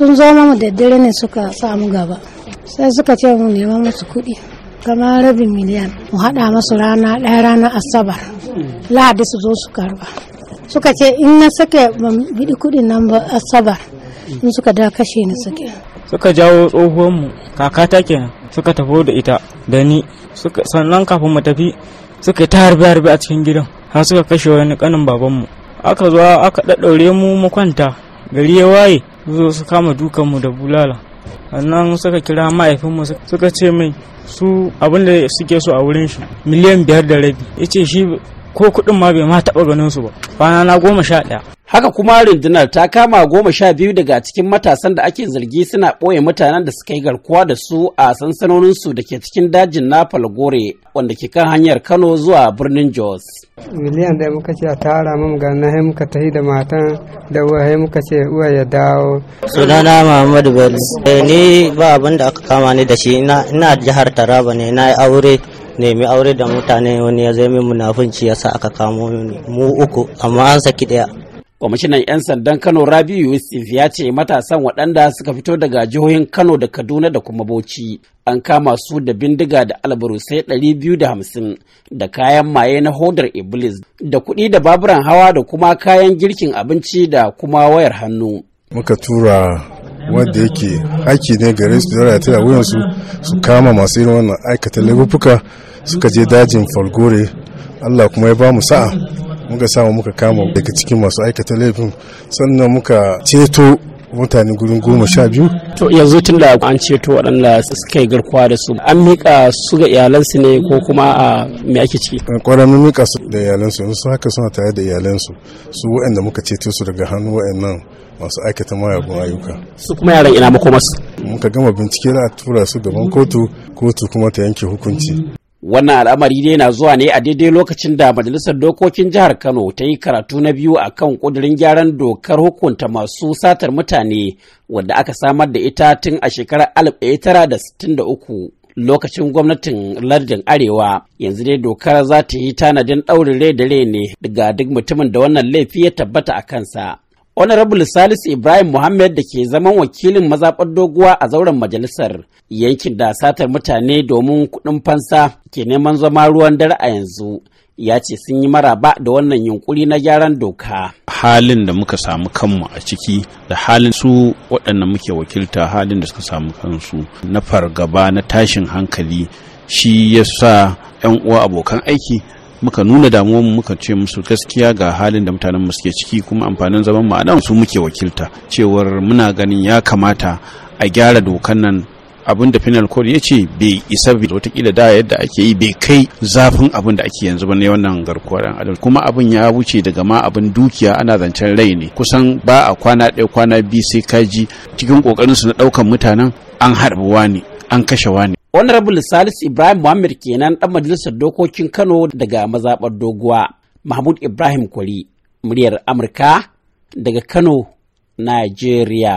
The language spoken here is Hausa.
sun zo mu da dare ne suka samu gaba sai suka ce mu nema musu kuɗi kama rabin miliyan mu haɗa masu rana ɗaya ranar asabar lahadi su zo su karba suka ce in na sake ban biɗi kuɗin nan ba asabar in suka da kashe ni suke suka jawo mu kaka ta kenan suka tafi da ita da ni sannan kafin mu tafi suka ta harbe harbe a cikin gidan har suka kashe wani kanin babanmu aka zo aka ɗaɗɗaure mu mu kwanta gari ya waye zo su kama dukanmu da bulala nan suka kira mahaifinmu suka ce mai su abin da suke so a wurin shi miliyan biyar da rabi ya ce shi ko kuɗin ma bai ma taɓa ganin su ba kwana na goma sha ɗaya Haka kuma rundunar ta kama goma sha biyu daga cikin matasan da ake zargi suna ɓoye mutanen da suka yi garkuwa da su a sansanoninsu da ke cikin dajin na Falgore wanda ke kan hanyar Kano zuwa birnin Jos. Miliyan ɗaya muka ce a tara mu ga na muka tafi da matan da uwa muka ce uwa ya dawo. Sunana Muhammadu Bello. Eh, ni ba abin da aka kama ni da shi ina jihar Taraba ne na aure nemi aure da mutane wani ya zai min munafunci yasa aka kamo mu uku amma an saki ɗaya. kwamishinan 'yan sandan kano rabiu yusuf ya ce matasan waɗanda suka fito daga jihohin kano da kaduna da kuma bauchi an kama su da bindiga da albarusai biyu da hamsin da kayan maye na hodar iblis da kuɗi da baburan hawa da kuma kayan girkin abinci da kuma wayar hannu muka tura wadda yake aiki ne gare su da tana wuyansu su kama masu irin wannan aikata laifuka suka je dajin falgore allah kuma ya ba mu sa'a muka samu muka kama daga cikin masu aikata laifin sannan muka ceto mutane gurin goma sha biyu. To yanzu tun da an ceto waɗanda suka yi garkuwa da su an miƙa su ga iyalansu ne ko kuma a me ake ciki? Kwarar mun miƙa su da iyalansu yanzu haka suna tare da iyalansu su waɗanda muka ceto su daga hannu waɗannan masu aikata mayagun ayyuka. Su kuma yaran ina makomasu. Muka gama bincike da a tura su gaban kotu kotu kuma ta yanke hukunci. wannan al'amari ne na zuwa ne a daidai lokacin da majalisar dokokin jihar kano ta yi karatu na biyu a kan ƙudurin gyaran dokar hukunta masu satar mutane wadda aka samar da ita tun a shekarar 1963 lokacin gwamnatin lardin arewa yanzu dai dokar za ta yi tanadin ɗaurin rai da rai ne daga duk mutumin da wannan laifi ya tabbata a kansa honorable salisu ibrahim muhammad da ke zaman wakilin mazaɓar doguwa a zauren majalisar yankin da satar mutane domin kuɗin fansa ke neman zama ruwan dare a yanzu ya ce sun yi maraba da wannan yunkuri na gyaran doka halin da muka samu kanmu a ciki da halin su waɗannan muke wakilta halin da suka samu kansu na fargaba na tashin hankali shi ya sa 'yan uwa abokan aiki muka nuna damuwar mu muka ce musu gaskiya ga halin da mutanen mu suke ciki kuma amfanin zaman mu anan su muke wakilta cewar muna ganin ya kamata a gyara dokan nan abin da final code ya ce bai isa bi watakila da yadda ake yi bai kai zafin abin da ake yanzu ba ne wannan garkuwar dan adam kuma abin ya wuce daga ma abin dukiya ana zancen rai ne kusan ba a kwana ɗaya kwana biyu sai kaji cikin kokarin su na ɗaukan mutanen an harbuwa ne an kashe wani honorable salis ibrahim muhammad kenan dan majalisar dokokin kano daga mazaɓar doguwa mahmud ibrahim kwari muryar amurka daga kano nigeria